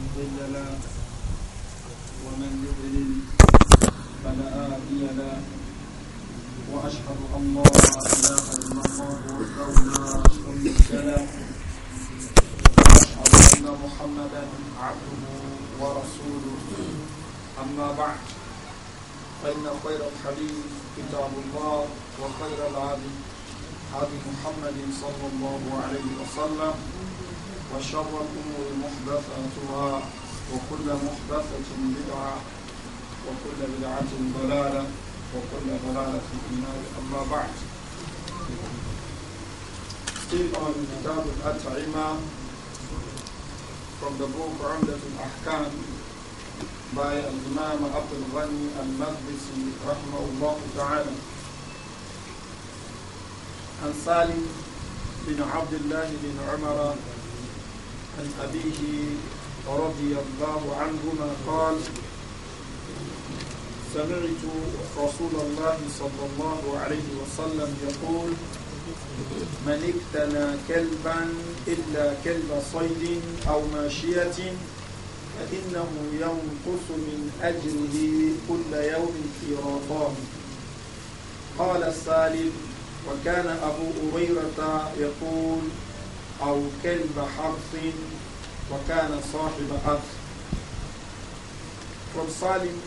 مضل له ومن يضلل فلا هادي له واشهد ان لا اله الا الله وحده لا شريك له واشهد ان محمدا عبده ورسوله اما بعد فان خير الحديث كتاب الله وخير العبد هدي محمد صلى الله عليه وسلم وشر الأمور محدثاتها وكل محدثة بدعة وكل بدعة ضلالة وكل ضلالة في النار أما بعد Still on كتاب الأطعمة from the book عمدة الأحكام by الإمام عبد الغني المقدسي رحمه الله تعالى عن سالم بن عبد الله بن عمر عن أبيه رضي الله عنهما قال سمعت رسول الله صلى الله عليه وسلم يقول من اقتنى كلبا إلا كلب صيد أو ماشية فإنه ينقص من أجره كل يوم في رمضان قال السالم وكان أبو هريرة يقول أو كلب وكان صاحب from Salim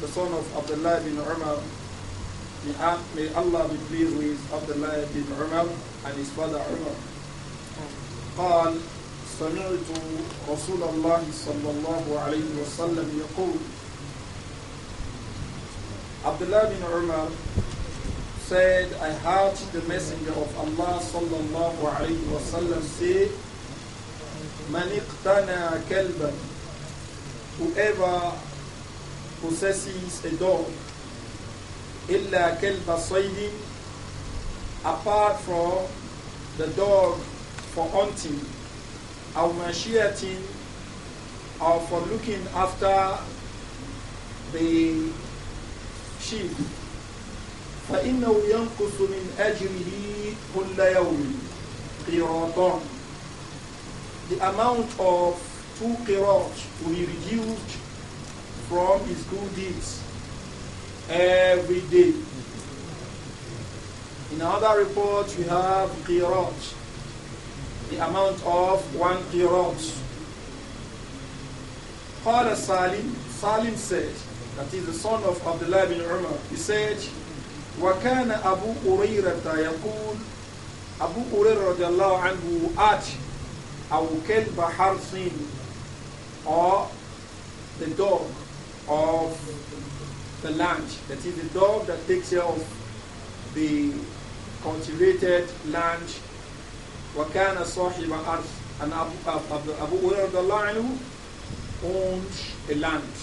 the son of Abdullah bin Umar may Allah be pleased with Abdullah bin Umar and his father Umar قال سمعت رسول الله صلى الله عليه وسلم يقول Abdullah bin Umar said, I heard the Messenger of Allah sallallahu alayhi wasallam say, Man iqtana kalban, whoever possesses a dog, illa kalba saydin, apart from the dog for hunting, or mashiatin, or for looking after the sheep, فإنه ينقص من أجره كل يوم قراطان The amount of two qirat will be reduced from his good deeds every day. In other reports, we have qirat, the amount of one qirat. Father Salim, Salim said, that is the son of Abdullah bin Umar, he said, وكان أبو هريرة يقول أبو هريرة رضي الله عنه آت أو كلب حرص أو the dog of the land that is the dog that takes care of the cultivated land وكان صاحب أرض أن أبو هريرة رضي الله عنه owned a land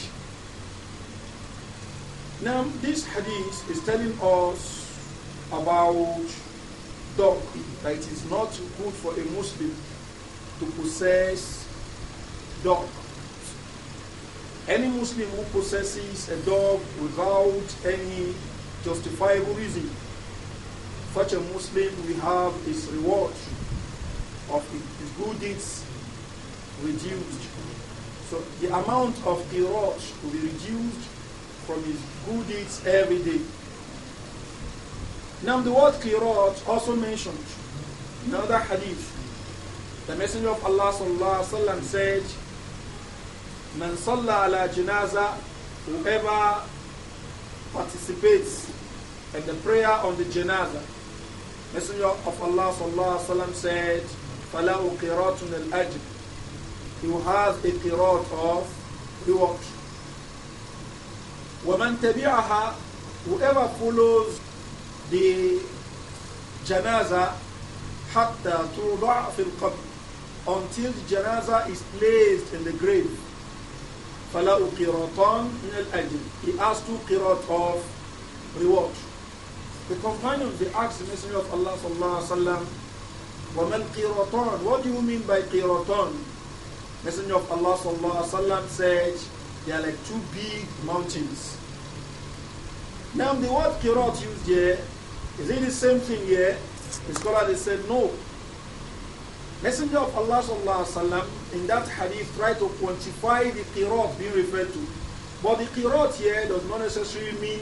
Now, this hadith is telling us about dog, that it is not good for a Muslim to possess dog. Any Muslim who possesses a dog without any justifiable reason, such a Muslim will have his reward of his good deeds reduced. So the amount of reward will be reduced from his good deeds every day. Now the word qirat also mentioned in another hadith. The Messenger of Allah sallallahu alaihi wasallam said, "Man salla ala janaza, whoever participates in the prayer on the janaza." Messenger of Allah sallallahu alaihi wasallam said, "Falahu qiratun al-ajr." He has a qirat of reward. وَمَنْ تَبِعَهَا Whoever follows the janaza حَتَّى تُوضَعْ فِي الْقَبْرِ Until the janaza is placed in the grave. فلا قِرَطَانْ مِنَ الأجل He has two qirat of reward. The companion they asked the Messenger of Allah sallallahu alaihi wasallam, وَمَا الْقِرَطَانْ What do you mean by qiratan? Messenger of Allah sallallahu alaihi wasallam said, they are like two big mountains. Now the word kirot used here, is it the same thing here? The scholar they said no. Messenger of Allah sallallahu alaihi wasallam in that hadith tried to quantify the qirat being referred to. But the qirat here does not necessarily mean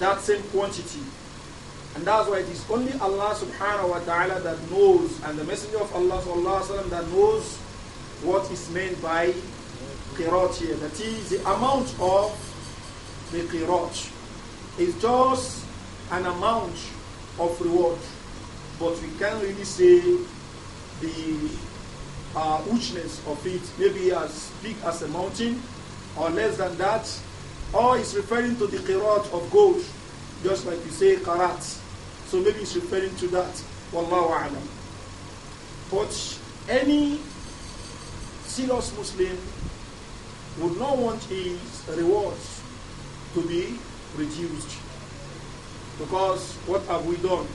that same quantity. And that's why it is only Allah subhanahu wa ta'ala that knows and the messenger of Allah sallallahu alaihi wasallam that knows what is meant by qirat here. That is the amount of the qirat is just an amount of reward, but we can't really say the uh, richness of it, maybe as big as a mountain or less than that, or it's referring to the karat of gold, just like you say karat. So maybe it's referring to that. But any serious Muslim would not want his rewards to be reduced. Because what have we done?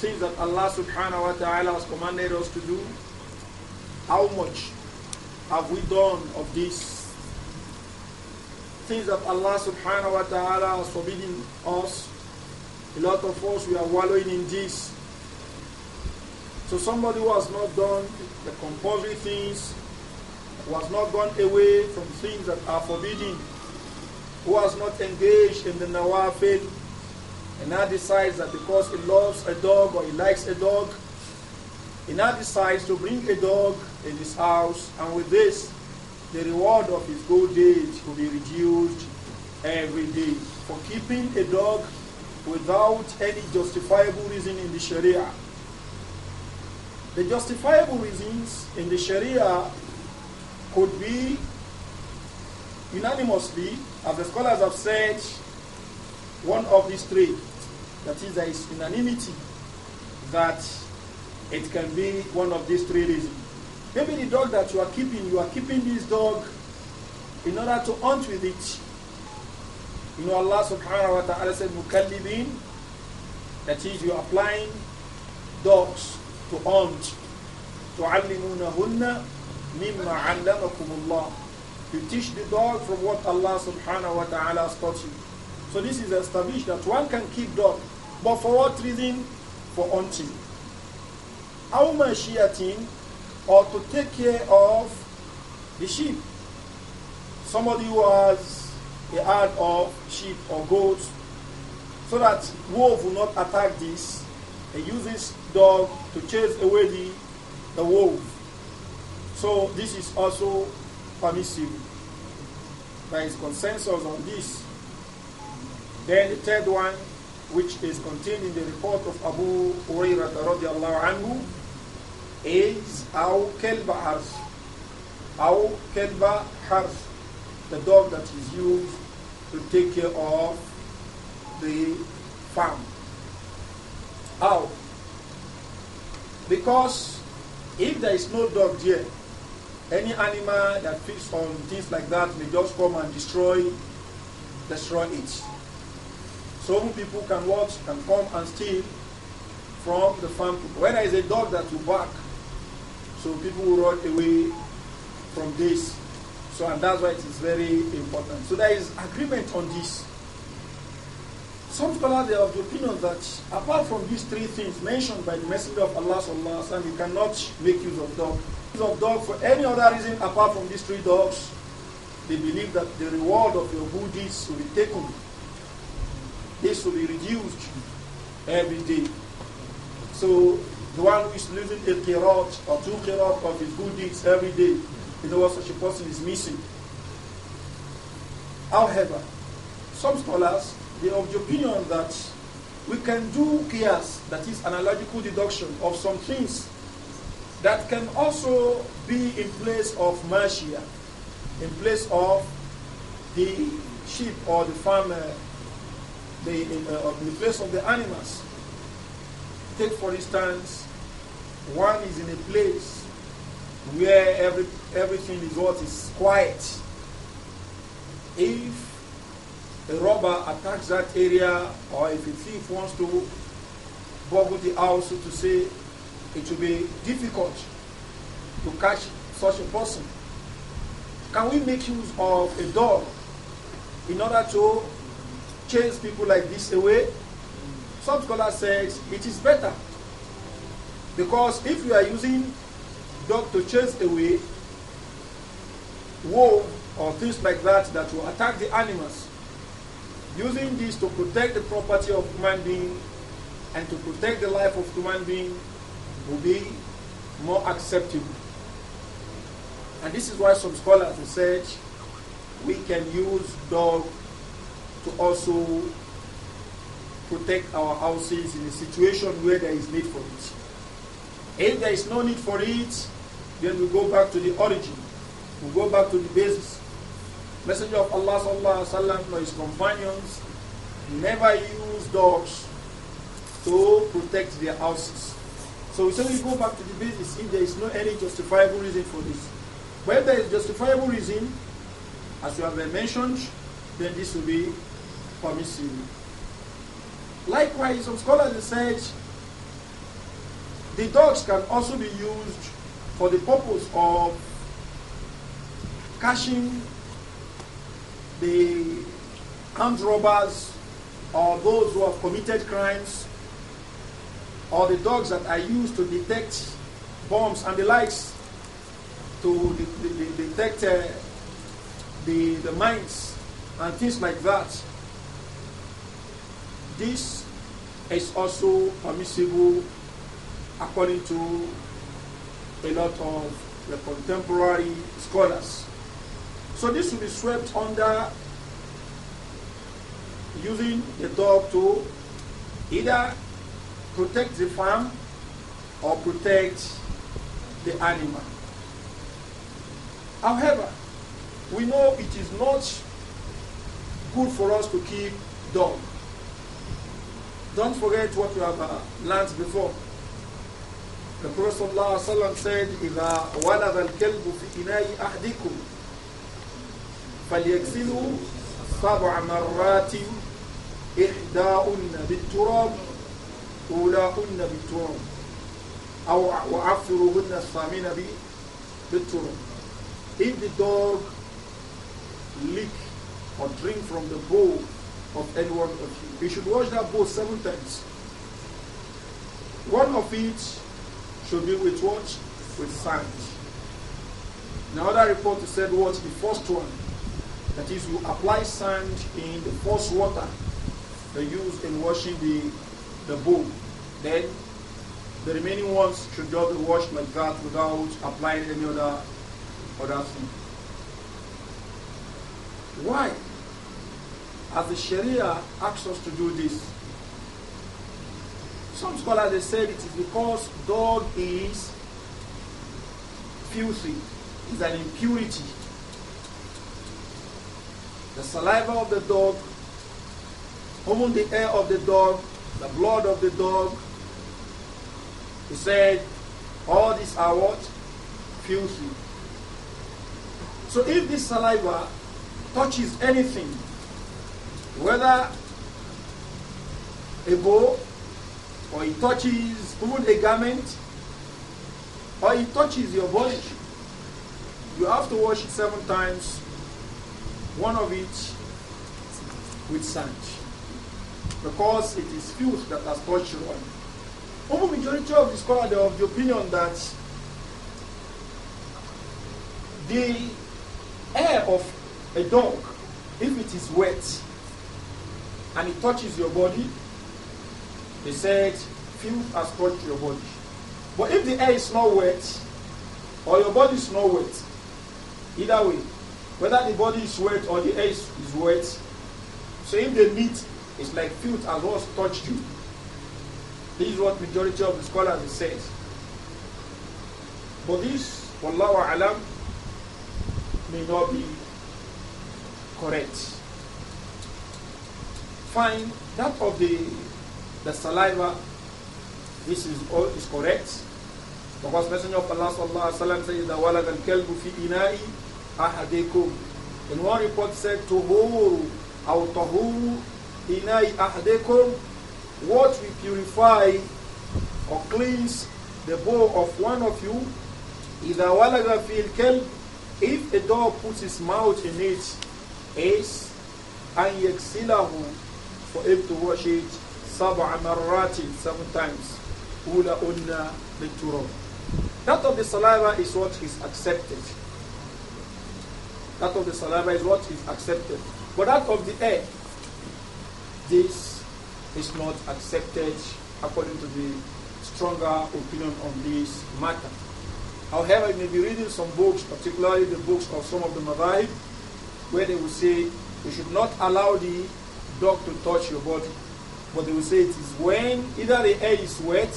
Things that Allah subhanahu wa ta'ala has commanded us to do, how much have we done of this? Things that Allah subhanahu wa ta'ala has forbidden us, a lot of us we are wallowing in this. So somebody who has not done the compulsory things, who has not gone away from things that are forbidden, who has not engaged in the nawafil and now decides that because he loves a dog or he likes a dog, he now decides to bring a dog in his house, and with this, the reward of his good deeds will be reduced every day. For keeping a dog without any justifiable reason in the Sharia. The justifiable reasons in the Sharia could be unanimously as the scholars have said, one of these three, that is, there is unanimity that it can be one of these three reasons. Maybe the dog that you are keeping, you are keeping this dog in order to hunt with it. You know, Allah subhanahu wa ta'ala said, Mukallibin, that is, you are applying dogs to hunt. تعلمونهن مما علمكم الله you teach the dog from what Allah subhanahu wa ta'ala taught you. So this is established that one can keep dog. But for what reason? For hunting. Aumashiatin or to take care of the sheep. Somebody who has a herd of sheep or goats so that wolf will not attack this. use uses dog to chase away the, the wolf. So this is also permissible. There is consensus on this. Then the third one, which is contained in the report of Abu Hurairah radiallahu anhu, is أو كلب حرث أو the dog that is used to take care of the farm. How? Because if there is no dog there, any animal that feeds on things like that may just come and destroy, destroy it. Some people can watch, can come and steal from the farm. When there is a dog that will bark, so people will run away from this. So and that's why it is very important. So there is agreement on this. Some scholars are of the opinion that apart from these three things mentioned by the Messenger of Allah, sallallahu you cannot make use of dogs of dog for any other reason apart from these three dogs, they believe that the reward of your good deeds will be taken. This will be reduced every day. So the one who is losing a kirat or two kirat of his good deeds every day, you know what such a person is missing. However, some scholars they are of the opinion that we can do kias, that is analogical deduction of some things that can also be in place of Mashia, in place of the sheep or the farmer, the, in, uh, in place of the animals. Take, for instance, one is in a place where every, everything is what is quiet. If a robber attacks that area or if a thief wants to burgle the house, to say, it will be difficult to catch such a person. Can we make use of a dog in order to chase people like this away? Some scholars say it is better because if you are using dog to chase away wolf or things like that that will attack the animals, using this to protect the property of human being and to protect the life of human being will be more acceptable. And this is why some scholars have said we can use dog to also protect our houses in a situation where there is need for it. If there is no need for it, then we go back to the origin. We go back to the basis. Messenger of Allah sallallahu alaihi wasallam and his companions never used dogs to protect their houses. So we say we go back to the basis if there is no any justifiable reason for this. But if there is justifiable reason, as you have mentioned, then this will be permissible. Likewise, some scholars have said the dogs can also be used for the purpose of catching the armed robbers or those who have committed crimes or the dogs that are used to detect bombs and the likes, to de de de detect uh, the, the mines and things like that. This is also permissible according to a lot of the contemporary scholars. So this will be swept under using the dog to either protect the farm or protect the animal. However, we know it is not good for us to keep dog. Don't forget what we have uh, learned before. The Prophet ﷺ said, إِذَا وَلَدَ الْكَلْبُ فِي إِنَاءِ أَحْدِكُمْ فَلْيَكْسِلُوا سَبْعَ مَرَّاتٍ إِحْدَاءٌ بِالتُّرَابِ أولاهن بالترم أو بالترم If the dog lick or drink from the bowl of anyone one of you, should wash that bowl seven times. One of it should be with what? With sand. The other report said what? The first one. That is, you apply sand in the first water they use in washing the the bowl. Then the remaining ones should just be washed like that without applying any other other thing. Why? As the Sharia asks us to do this. Some scholars they said it is because dog is filthy, is an impurity. The saliva of the dog, even the air of the dog the blood of the dog. He said, all these are what? Filthy. So if this saliva touches anything, whether a bow, or it touches even a garment, or it touches your body, you have to wash it seven times, one of each with sand because it is filth that has touched you on. Over majority of the scholars are of the opinion that the air of a dog, if it is wet and it touches your body, they said filth has touched your body. But if the air is not wet, or your body is not wet, either way, whether the body is wet or the air is, is wet, so if they meet, it's like filth has once touched you. This is what majority of the scholars says. But this, wallahu alam, may not be correct. Fine, that of the the saliva, this is all is correct. Because Messenger of Allah sallallahu alaihi wasallam says that walad al kalbu fi inai ahadekum. In one report said to tahuru aw inai ahdekum, what will purify or cleanse the bow of one of you, إذا ولغ في الكلب, if a dog puts his mouth in it, is أن يكسله for him to wash it سبع مرات seven times unna بالتراب that of the saliva is what is accepted that of the saliva is what is accepted but that of the air this is not accepted according to the stronger opinion on this matter. However, you may be reading some books, particularly the books of some of the Madhaib, where they will say you should not allow the dog to touch your body. But they will say it is when either the air is wet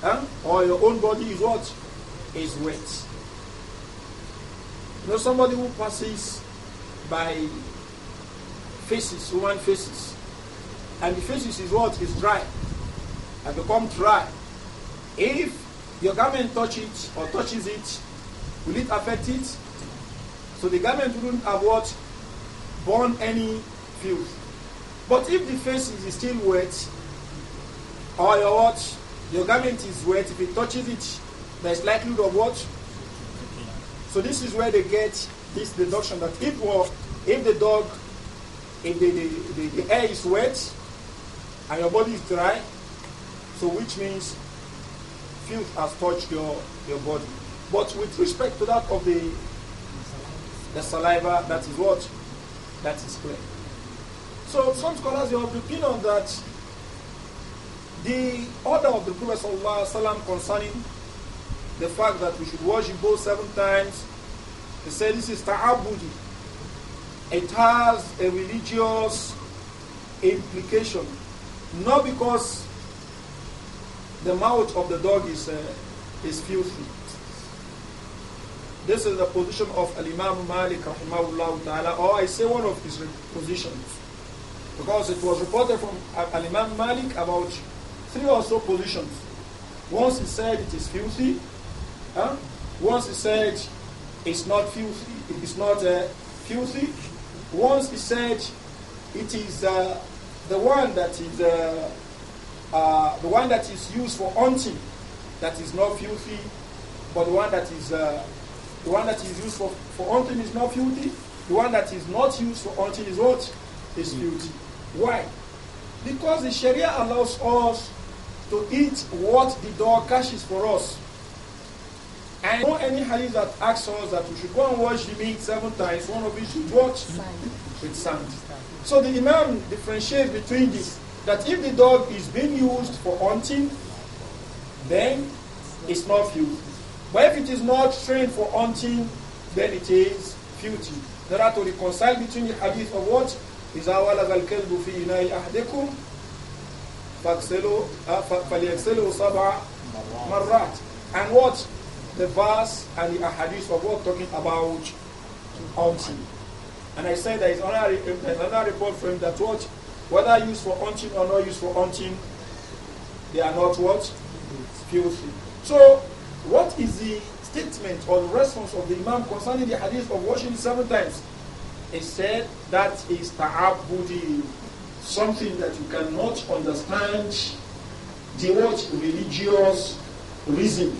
huh, or your own body is what? Is wet. You know, somebody who passes by faces, human faces, and the face is what? Is dry. And become dry. If your garment touch it or touches it, will it affect it? So the garment wouldn't have what? Borne any filth. But if the face is still wet, or your what? Your garment is wet, if it touches it, there's likelihood of what? So this is where they get this deduction that if, if the dog, if the, the, the, the air is wet, and your body is dry, so which means filth has touched your, your body. But with respect to that of the the saliva, that is what? That is clear. So some scholars have the opinion that the order of the Prophet concerning the fact that we should wash your bowl seven times, he said this is ta'abudi. It has a religious implication not because the mouth of the dog is, uh, is filthy. This is the position of Al-Imam Malik rahimahullah ta'ala, or I say one of his positions. Because it was reported from Al-Imam Malik about three or so positions. Once he said it is filthy, huh? once he said it's not filthy, it's not uh, filthy, once he said it is uh, the one that is uh, uh, the one that is used for hunting, that is not filthy, but the one that is uh, the one that is used for, for hunting is not filthy. The one that is not used for hunting is what is hmm. filthy. Why? Because the Sharia allows us to eat what the dog catches for us. And know any hadith that asks us that we should go and wash the meat seven times, one of it should watch with sand. So the Imam differentiates between this that if the dog is being used for hunting, then it's not filthy. But if it is not trained for hunting, then it is filthy. There are to reconcile between the hadith of what? Is إذا ولغ الكلب في إناء أحدكم فليغسله سبع and what the verse and the hadith of what talking about hunting. And I said there is another, um, report from that what, whether used for hunting or not used for hunting, they are not what? Filthy. So, what is the statement or the response of the Imam concerning the hadith of washing seven times? He said that is ta'abudi, something that you cannot understand the what religious reason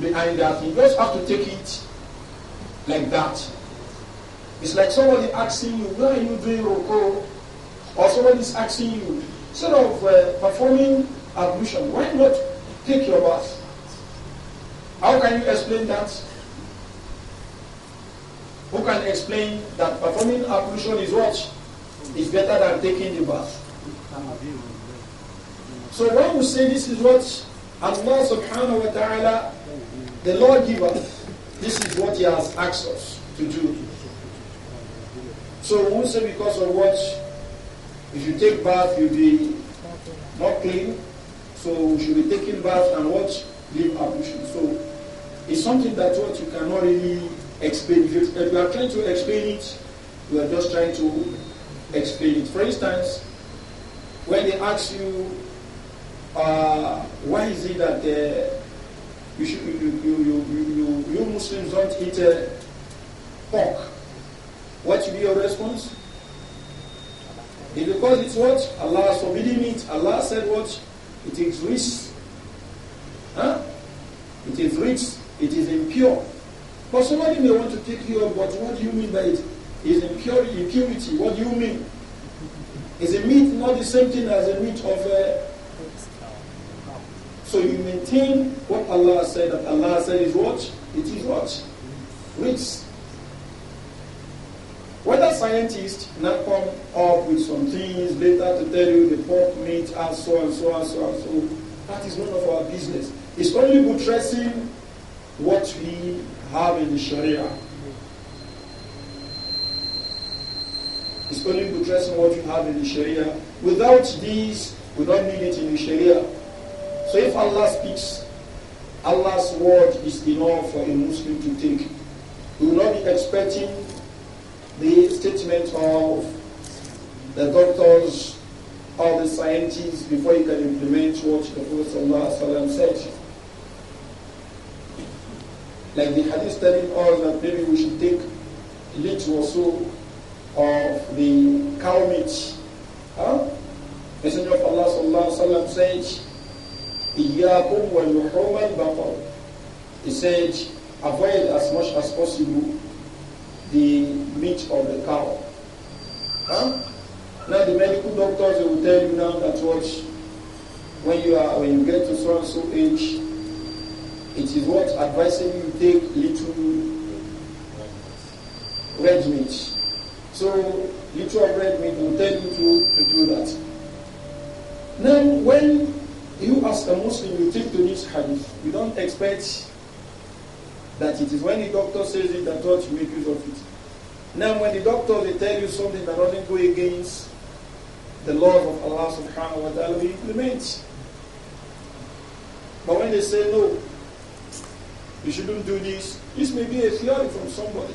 behind that. You just have to take it like that. It's like somebody asking you, why are you doing roko?" Or somebody is asking you, instead of uh, performing ablution, why not take your bath? How can you explain that? Who can explain that performing ablution is what? Is better than taking the bath. So when we say this is what Allah subhanahu wa ta'ala, the Lord giver, this is what He has asked us to do. So we will say because of what? If you take bath, you'll be not clean. So we should be taking bath and what? Leave ablution. So it's something that what you cannot really explain. If you, if are trying to explain it, you are just trying to explain it. For instance, when they ask you, uh, why is it that uh, you, should, you, you, you, you, you, Muslims don't eat uh, pork? what should be your response? If because it's what? Allah has forbidden it. Allah said what? It is rich. Huh? It is rich. It is impure. But somebody may want to take you up, but what do you mean by it? Is impurity, impurity. What do you mean? Is a meat not the same thing as a meat of a... Uh, so you maintain what Allah said, that Allah said is what? It is what? Rich. Whether scientists now come up with some things later to tell you the pork meat and so and so and so and so, that is none of our business. It's only buttressing what we have in the Sharia. It's only buttressing what you have in the Sharia. Without these, we don't need it in the Sharia. So if Allah speaks, Allah's word is enough for a Muslim to take. We will not be expecting the statement of the doctors or the scientists before you can implement what the Prophet said. Like the hadith telling us that maybe we should take a little or so of the cow meat. Huh? Messenger of Allah sallallahu said, "Iyakum wa luhum He said, "Avoid as much as possible the meat of the cow. Huh? Now the medical doctors will tell you now that what when you are when you get to so and so age, it is what advising you take little red meat. So little of red meat will tell you to, to do that. Then when you as a Muslim you take to this hadith, you don't expect that it is when the doctor says it that what you make use of it. Now, when the doctor they tell you something that doesn't go against the laws of Allah subhanahu wa ta'ala, you implement. But when they say no, you shouldn't do this, this may be a theory from somebody.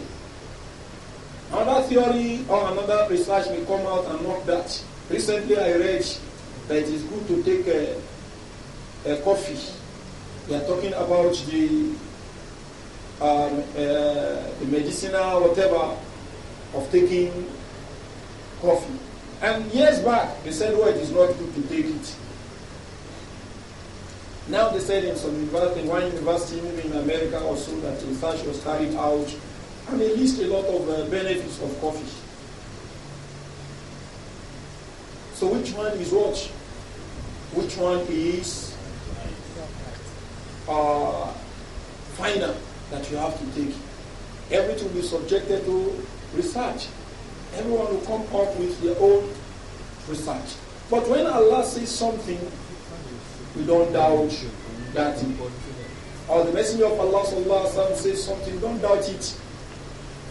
Another theory or another research may come out and not that. Recently, I read that it is good to take a, a coffee. We are talking about the um, uh, medicinal whatever of taking coffee. And years back, they said, well, it is not good to take it. Now they said in some university, one university in America also that research was carried out, and they list a lot of uh, benefits of coffee. So which one is what? Which one is uh, final? that you have to take. Everything will be subjected to research. Everyone will come up with their own research. But when Allah says something, we don't doubt that. Or the Messenger of Allah وسلم, says something, don't doubt it.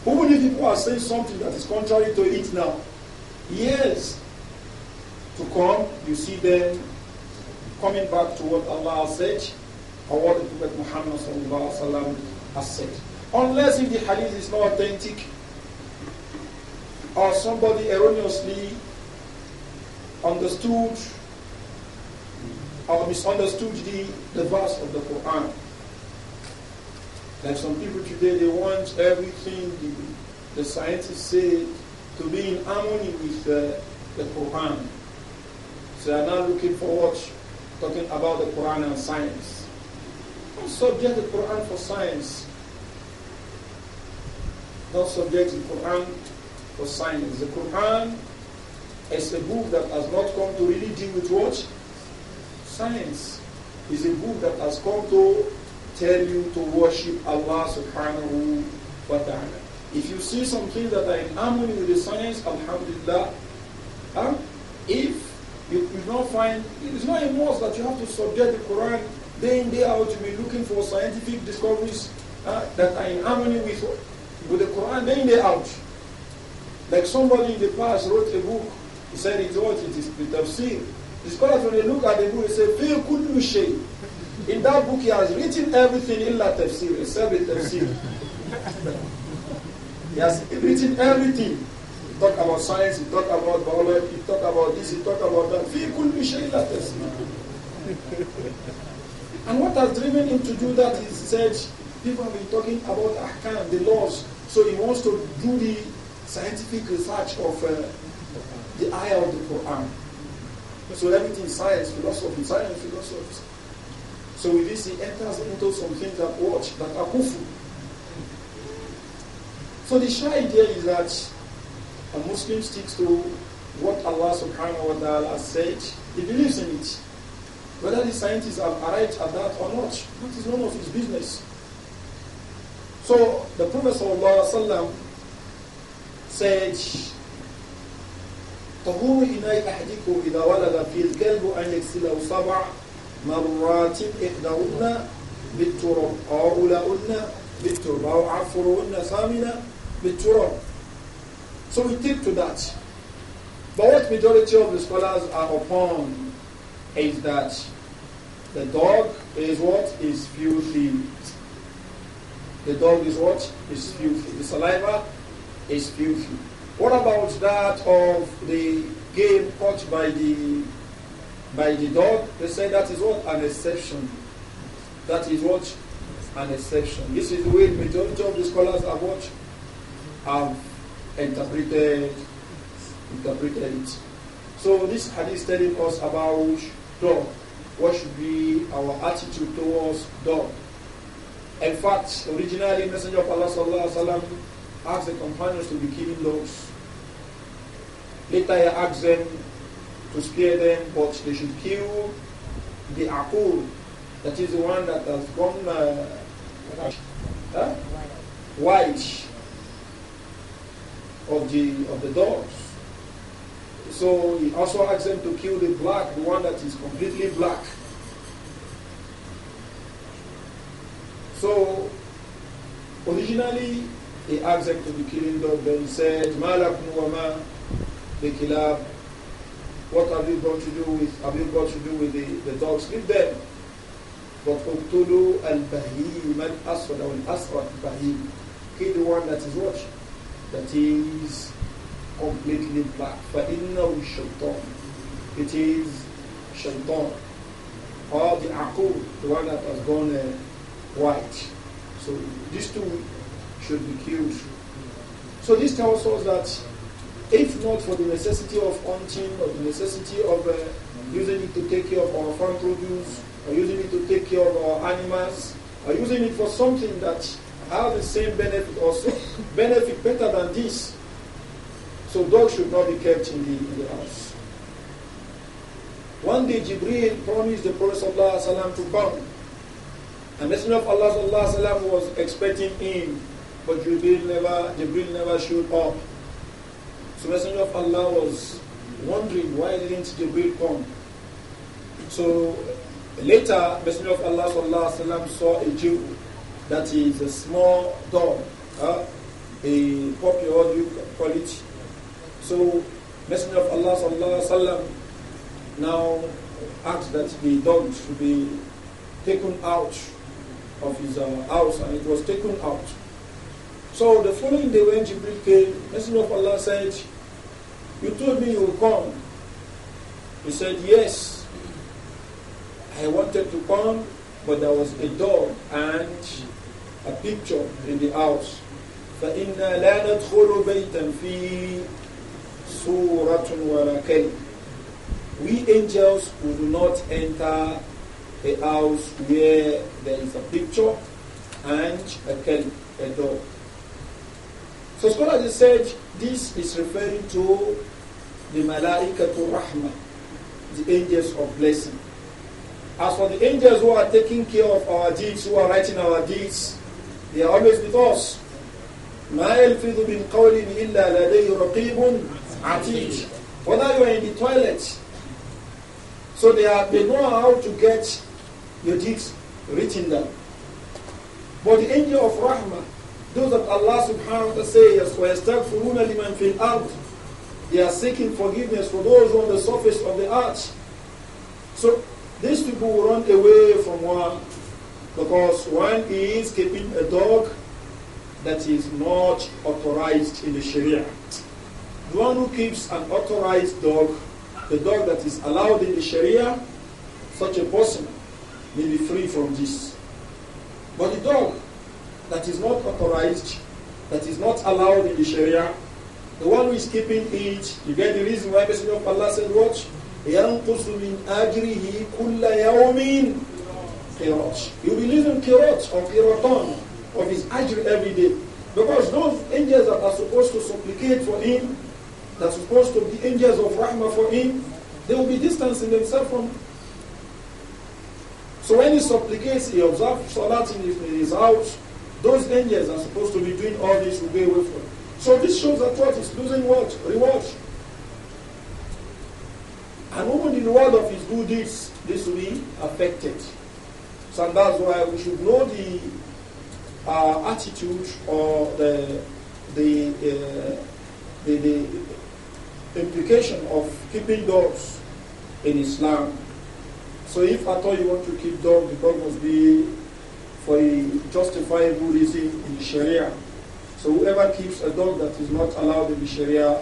Even if people are saying something that is contrary to it now, yes. to come, you see them coming back to what Allah said or what the Prophet Muhammad sallallahu has said. Unless if the hadith is not authentic or somebody erroneously understood or misunderstood the, the verse of the Quran. Like some people today, they want everything the, the scientists say to be in harmony with uh, the Quran. So they are now looking forward Talking about the Quran and science. Don't subject the Quran for science not subject the Quran for science. The Quran is a book that has not come to really deal with what? Science. Is a book that has come to tell you to worship Allah subhanahu wa ta'ala. If you see some things that are in harmony with the science, alhamdulillah. Huh? If you do not find, it's not a must that you have to subject the Quran day in, day out, to be looking for scientific discoveries uh, that are in harmony with with the Quran day in, day out. Like somebody in the past wrote a book, he said it what it is the tafsir. The scholars when they look at the book, they say, Feel kullu shay. In that book he has written everything illa tafsir, except the tafsir. he has written everything. He talk about science, he talk about biology, he talk about this, he talk about that. Feel kullu shay illa tafsir. And what has driven him to do that is said, people have been talking about ahkam, the laws, so he wants to do the scientific research of uh, the eye of the Quran. So everything is science, philosophy, science, philosophy. So with this, he enters into some things that watch that are kufu. So the shy idea is that a Muslim sticks to what Allah subhanahu wa ta'ala has said, he believes in it. Whether the scientists have arrived at that or not, that is none of his business. So the Prophet ﷺ said, طهور إناء أحدكم إذا ولد في الكلب أن يغسله سبع مرات إحداهن بالتراب أو أولاهن بالتراب أو عفرهن ثامنة بالتراب. So we take to that. But what majority of the scholars are upon is that the dog is what is filthy. The dog is what? Is filthy. The saliva is filthy. What about that of the game caught by the by the dog? They say that is what? An exception. That is what? An exception. This is the way majority of the scholars have what? Have interpreted interpreted it. So this hadith telling us about dog. What should be our attitude towards dog? In fact, originally Messenger of Allah sallallahu alaihi wasallam asked the companions to be killing dogs. Later he asked them to spare them, but they should kill the akul, that is the one that has gone uh, huh? white of the of the dogs. So he also asked them to kill the black, the one that is completely black. So, originally, he asked them to be killing dog. Then he said, muwama, the killer. What have you got to do with? Have you got to do with the, the dogs? Leave them. But uktulu al bahim al aswad al aswad bahim. Kill the one that is what? That is completely black. فإنه Shaitan, It is shaitan. Or the aqul, the one that has gone. Uh, white. So these two should be killed. So this tells us that if not for the necessity of hunting or the necessity of uh, using it to take care of our farm produce or using it to take care of our animals or using it for something that has the same benefit or benefit better than this, so dogs should not be kept in the, in the house. One day Jibril promised the Prophet ﷺ to bound and Messenger of Allah sallallahu was expecting him, but Jibril never, Jibril never showed up. So Messenger of Allah was wondering why didn't Jibril come. So later, Messenger of Allah sallallahu saw a Jew that is a small dog, uh, a puppy, what do you call it? So Messenger of Allah sallallahu now asked that the dog should be taken out of his uh, house and it was taken out. So the following day when Jibril came, Messenger of Allah said, You told me you will come. He said, Yes. I wanted to come, but there was a dog and a picture in the house. فإنا لا ندخل بيتا فِي سورة ولا We angels will not enter a house where there is a picture and a, kelp, a dog. So scholars have said this is referring to the Malaikatul Rahma, the angels of blessing. As for the angels who are taking care of our deeds, who are writing our deeds, they are always with us. ما يلفظ من إلا رقيب Whether you are in the toilet, so they, are, they know how to get your deeds written down. But the angel of Rahmah, those that Allah subhanahu wa ta'ala says, وَيَسْتَغْفِرُونَ لِمَنْ فِي الْأَرْضِ They are seeking forgiveness for those on the surface of the earth. So these people will run away from one because one is keeping a dog that is not authorized in the Sharia. The one who keeps an authorized dog, the dog that is allowed in the Sharia, such a person may be free from this. But the dog that is not authorized, that is not allowed in the Sharia, the one who is keeping it, you get the reason why Messenger of Allah said, Watch, ينقص من be كل يوم قراط. You will listen or قراطان of his ajri every day. Because those angels that are supposed to supplicate for him, that are supposed to be angels of rahmah for him, they will be distancing themselves from so when he supplicates, he observes Salat in his, in his house, those angels are supposed to be doing all this will be away from. So this shows that what is losing what? Reward. And only the reward of his good deeds, this will be affected. So that's why we should know the uh, attitude or the the, uh, the the implication of keeping doors in Islam. So if at all you want to keep dog, the dog must be for a justifiable reason in Sharia. So whoever keeps a dog that is not allowed in the Sharia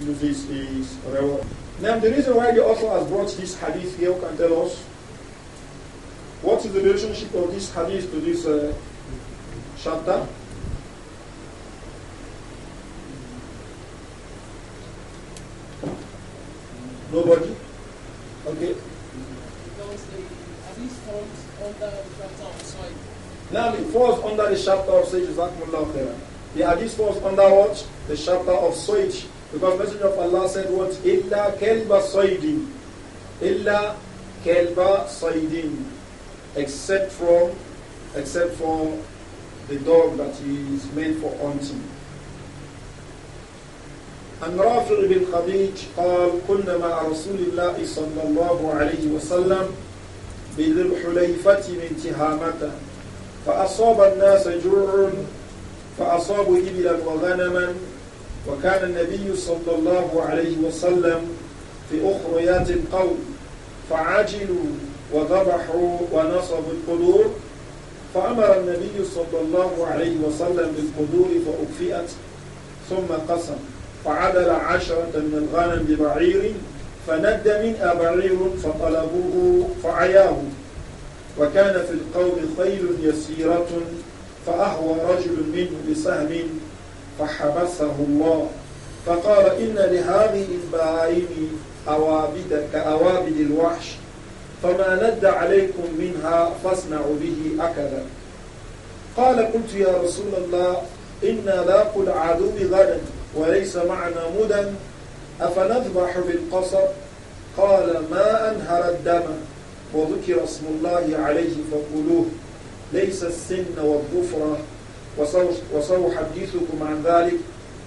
loses his reward. Now the reason why the author has brought this hadith here can tell us what is the relationship of this hadith to this uh, chapter. Nobody? Okay. the chapter Now, it falls under the chapter of Sage Jazakumullah Khairan. The hadith falls under what? The chapter of Sage. Because Messenger of Allah said what? Illa kelba Sayyidin. Illa kelba Sayyidin. Except from, except for the dog that is meant for hunting. عن رافع بن خديج قال كنا مع رسول الله صلى الله عليه وسلم بذي الحليفة من تهامة فأصاب الناس جوع فأصابوا إبلا وغنما وكان النبي صلى الله عليه وسلم في أخريات القوم فعجلوا وذبحوا ونصبوا القدور فأمر النبي صلى الله عليه وسلم بالقدور فأكفئت ثم قسم فعدل عشرة من الغنم ببعير فند من أبعير فطلبوه فعياه وكان في القوم خيل يسيرة فأهوى رجل منه بسهم فحبسه الله فقال إن لهذه البهائم أوابد كأوابد الوحش فما ند عليكم منها فاصنعوا به أكذا قال قلت يا رسول الله إنا لا العدو غدا وليس معنا مدى أفنذبح بالقصر قال ما أنهر الدم وذكر اسم الله عليه فقولوه ليس السن والظفرة وسأحدثكم عن ذلك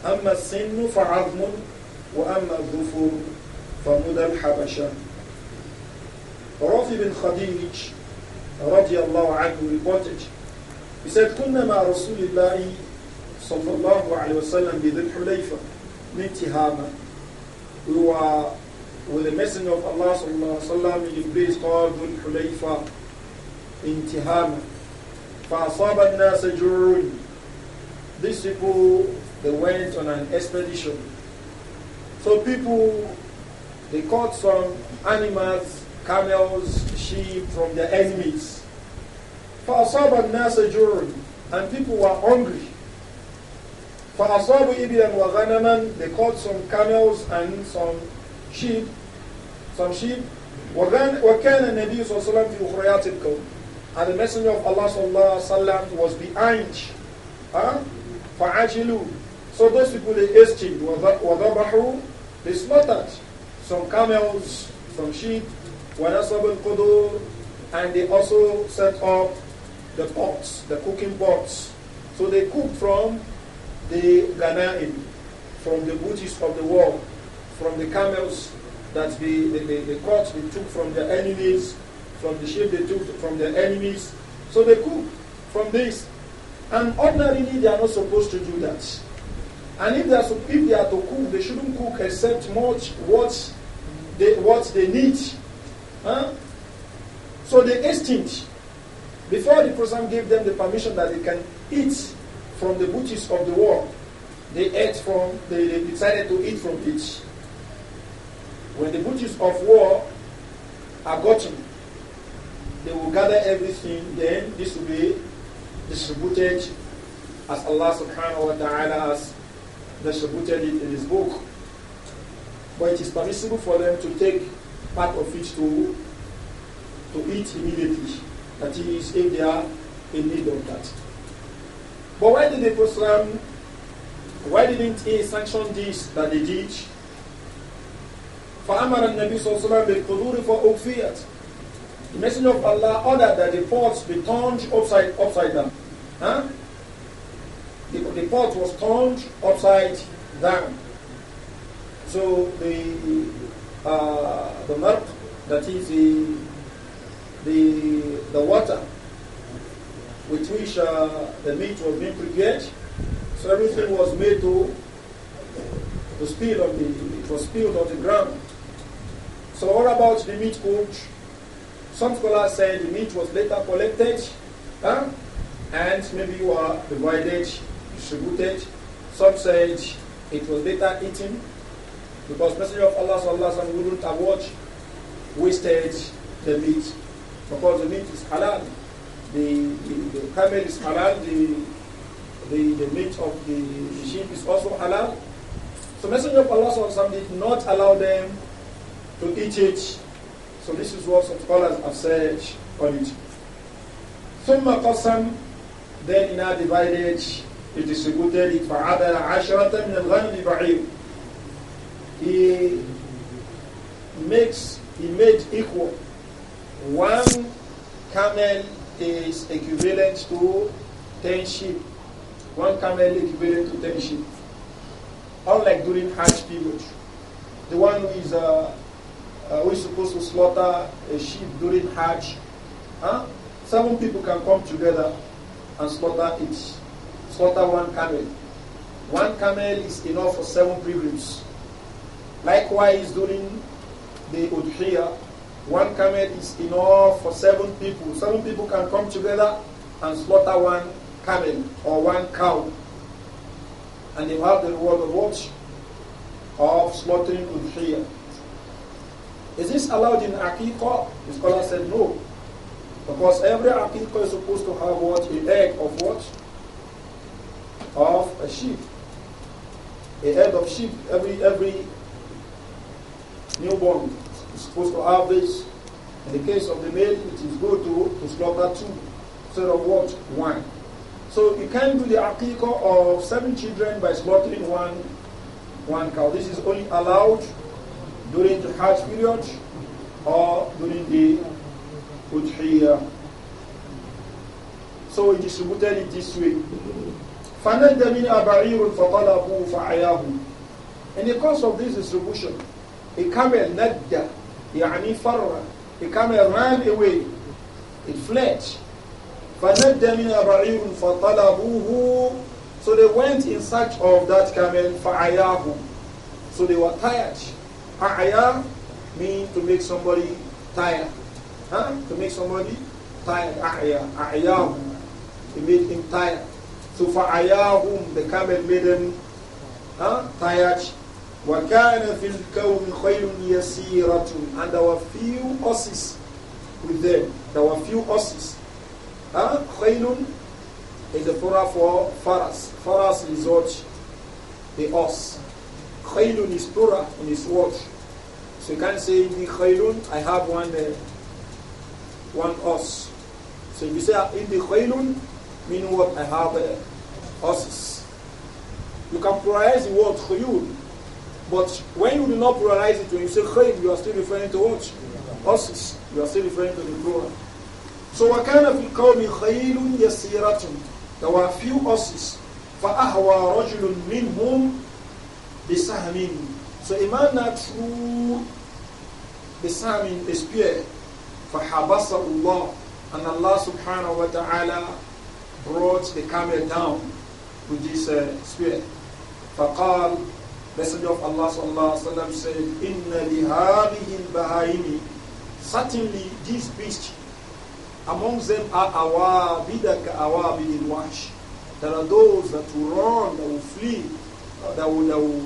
أما السن فعظم وأما الظفر فمدى الحبشة رافي بن خديج رضي الله عنه ريبوتج بسيد كنا مع رسول الله صلى الله عليه وسلم بذي الحليفة من تهامه we were with the Messenger of Allah sallallahu alaihi wasallam in The place called Dhul Hulayfa in Tihama. فَأَصَابَ النَّاسَ جُرٌ These people, they went on an expedition. So people, they caught some animals, camels, sheep from their enemies. فَأَصَابَ النَّاسَ And people were hungry. فَأَصَابُ إِبِلًا وَغَنَمًا They caught some camels and some sheep, some sheep. وَكَانَ النَّبِيُّ صلى الله عليه وسلم في أخريات الكون And the messenger of Allah صلى الله عليه وسلم was behind. Huh? فَعَجِلُوا So those people they hastened. وَذَبَحُوا They slaughtered some camels, some sheep. وَنَصَبُ الْقُدُورِ And they also set up the pots, the cooking pots. So they cooked from the Ghanaim, from the booties of the war, from the camels that the, the, the, the corpse they took from their enemies, from the sheep they took from their enemies. So they cook from this. And ordinarily they are not supposed to do that. And if they are, if they are to cook, they shouldn't cook except much what they, what they need. Huh? So they extinct. Before the person gave them the permission that they can eat, from the booties of the world. They ate from, they, they decided to eat from it. When the booties of war are gotten, they will gather everything, then this will be distributed as Allah subhanahu wa ta'ala has distributed it in His book. But it is permissible for them to take part of it to, to eat immediately. That is, if they are in need of that. But why did the Prophet, why didn't he sanction this that they did? فأمر النبي صلى الله عليه وسلم بالقدور فأوفيت The Messenger of Allah ordered that the pots be turned upside, upside down. Huh? The, the pot was turned upside down. So the uh, the milk, that is the, the, the water with which uh, the meat was being prepared. So everything was made to to spill on the it was spilled on the ground. So what about the meat coach? Some scholars say the meat was later collected, huh? and maybe you are divided, distributed. Some said it was later eaten because Messenger of Allah sallallahu alaihi wouldn't have watched wasted the meat because the meat is halal the, the, the camel is halal, the, the, the meat of the sheep is also halal. So Messenger of Allah did not allow them to eat it. So this is what some scholars have said on it. ثم قسم then in our divided, he distributed it فَعَدَلَ عَشَرَةً مِنَ الْغَنْمِ بَعِيرٍ He makes, he made equal one camel is equivalent to 10 sheep. One camel equivalent to 10 sheep. Unlike during Hajj period. The one who is, uh, uh, who is supposed to slaughter a sheep during Hajj, huh? seven people can come together and slaughter it. Slaughter one camel. One camel is enough for seven pilgrims. Likewise, during the Udhiyah, one camel is enough for seven people. Seven people can come together and slaughter one camel or one cow. And they have the reward of what? Of slaughtering udhiyah. Is this allowed in Aqiqah? The scholar said no. Because every Aqiqah is supposed to have what? An egg of what? Of a sheep. A head of sheep every every newborn is supposed to have this. In the case of the male, it is good to, to slaughter two instead of what? One. So you can do the aqiqah of seven children by slaughtering one, one cow. This is only allowed during the Hajj period or during the Udhiyah. So he distributed it this way. فَنَدَّ فَطَلَبُوا In the course of this distribution, a camel, nadda, يعني فر He came and ran away. It fled. فَنَدَّ مِنَ بَعِيرٌ فَطَلَبُوهُ So they went in search of that camel, فَعَيَاهُ So they were tired. Ayah means to make somebody tired. Huh? To make somebody tired. Ayah أَعْيَاهُ he made him tired. So فَعَيَاهُمْ The camel made them huh, tired. وَكَانَ فِي الْكَوْمِ خَيْرٌ يَسِيرَةٌ And there were few horses with them. There were few horses. Huh? خَيْرٌ is the plural for faras. Faras is what? The horse. Khailun is plural in his word. So you can't say the khailun, I have one uh, one horse. So if you say ah, in the khailun, mean what? I have uh, horses. You can pluralize the word khayul but when you do not pluralize it, when you say khayr, you are still referring to what? Horses. You are still referring to the plural. So what وَكَانَ فِي الْقَوْمِ خَيْلٌ yasiratun? There were a few horses. فَأَهْوَى رَجُلٌ مِنْهُمْ بِسَهْمٍ So a man that threw the salmon, a spear, فَحَبَسَ اللَّهُ And Allah subhanahu wa ta'ala brought the camel down with this uh, spear. فَقَالَ Messenger of Allah sallallahu alaihi said, "Inna lihadihi al Certainly, these beasts among them are awabida ka awabid wash There are those that will run, that will flee, uh, that will, that will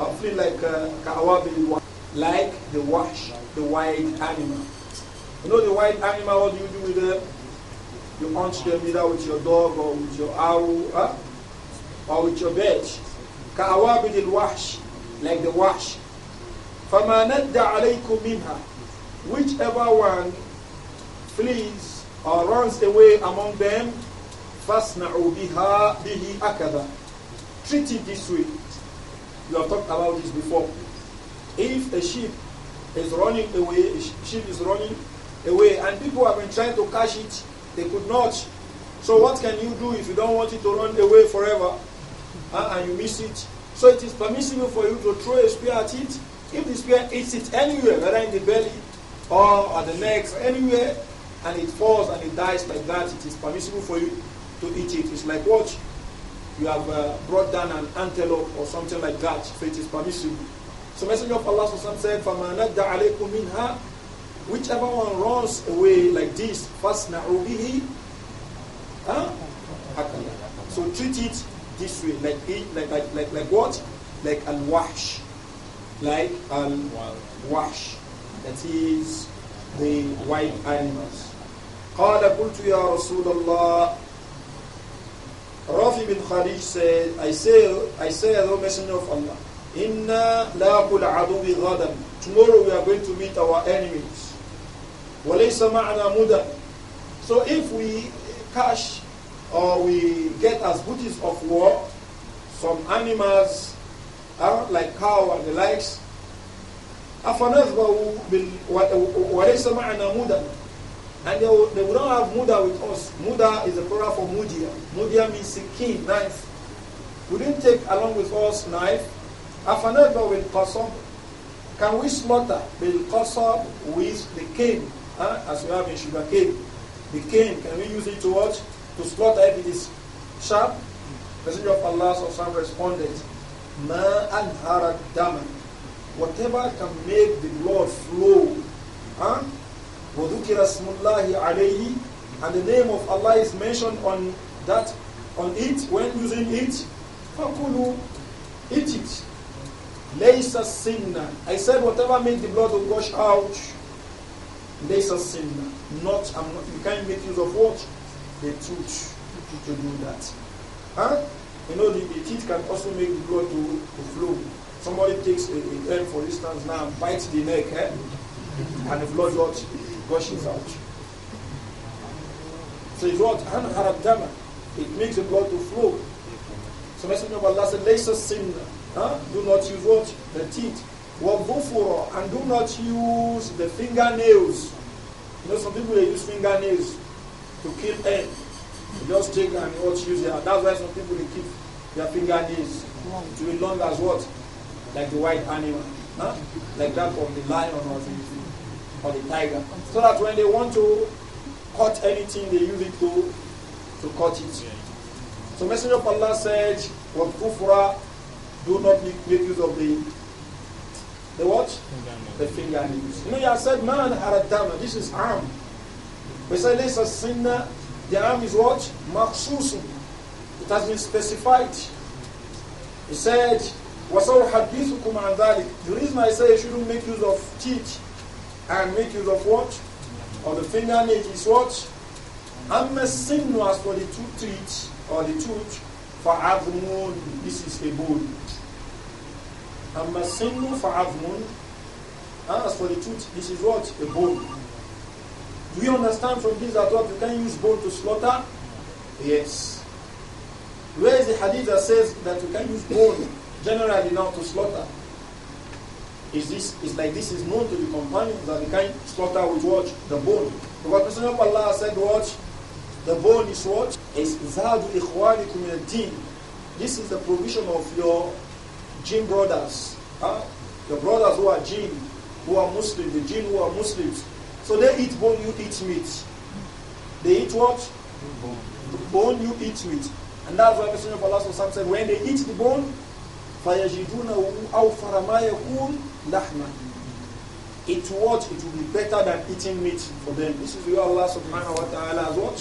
uh, flee like uh, wash like the wash, the wild animal. You know the wild animal. What do you do with them? You hunt them either with your dog or with your arrow, huh? or with your bitch. كأوابد الوحش like the wash فما ند عليكم منها whichever one flees or runs away among them فاصنعوا بها به أكذا treat it this way you have talked about this before if a sheep is running away a sheep is running away and people have been trying to catch it they could not so what can you do if you don't want it to run away forever uh, and you miss it. So it is permissible for you to throw a spear at it. If the spear hits it anywhere, whether in the belly or at the neck, anywhere, and it falls and it dies like that, it is permissible for you to eat it. It's like what? You have uh, brought down an antelope or something like that, so it is permissible. So Messenger of Allah said, فَمَا نَدَّ عَلَيْكُم Whichever one runs away like this, فَاسْنَعُوا na'ubihi. huh? So treat it this way, like like like like, like what? Like al wash, like al wash. That is the white animals. قال قلت يا رسول الله Rafi bin Khalid said, I say, I say, O Messenger of Allah, لَا laqul عَدُوِّ غَدًا Tomorrow we are going to meet our enemies. وَلَيْسَ مَعَنَا مُدَى So if we cash or we get as booties of war some animals uh, like cow and the likes. أَفَنَذْبَهُ وَلَيْسَ مَعَنَا مُدًا And they, will, they will not have muda with us. Muda is a plural for mudia. Mudia means keen, knife. We didn't take along with us knife. أَفَنَذْبَهُ بِالْقَصَبِ Can we slaughter بِالْقَصَبِ with the cane, uh, as we have in sugar cane? The cane, can we use it to what? to slaughter if it is sharp. Messenger of Allah Sallallahu responded, Ma anharat daman. Whatever can make the blood flow. Huh? وَذُكِرَ And the name of Allah is mentioned on that, on it, when using it. فَقُلُوا Eat it. لَيْسَ sinna. I said whatever made the blood gush out. لَيْسَ sinna. Not, I'm not, you can't make use of what? the tooth to do that. Huh? You know, the, the teeth can also make the blood to, to flow. Somebody takes a, a egg, for instance, now and bites the neck, eh? and the blood what, gushes out. So it what? Anharabdama. It makes the blood to flow. So Messenger of Allah the Laysa sin. Huh? Do not use what? The teeth. What for And do not use the fingernails. You know, some people they use fingernails to kill them. You just take and what use it. that's why some people they keep their fingernails to be long as what? Like the white animal. Huh? Like that of the lion or the or the tiger. So that when they want to cut anything they use it to to cut it. So Messenger of Allah said, What kufra do not make use of the the what? The fingernails. You know, you have said man haradama, this is arm. We say, Laysa sinna, the arm is what? Maqsusun. It has been specified. He said, وَسَوْحَدِّثُكُمْ عَنْ ذَلِكَ The reason I say you shouldn't make use of teeth and make use of what? Or the fingernail is what? أَمَّا السِّنُّ as for the two teeth or the tooth فَعَظْمٌ This is a bone. أَمَّا السِّنُّ فَعَظْمٌ As for the tooth, this is what? A bone. Do you understand from this that what you can use bone to slaughter? Yes. Where is the hadith that says that you can use bone generally now to slaughter? Is this is like this is known to the companions that you can slaughter with what? The bone. Because Messenger of Allah said what? The bone is what? Is Zadu Ikhwanikum din This is the provision of your jinn brothers. Huh? The brothers who are jinn, who are Muslims, the jinn who are Muslims. So they eat bone, you eat meat. They eat what? bone, you eat meat. And that's why Messenger of Allah said, when they eat the bone, It what? It will be better than eating meat for them. This is where Allah subhanahu wa ta'ala has what?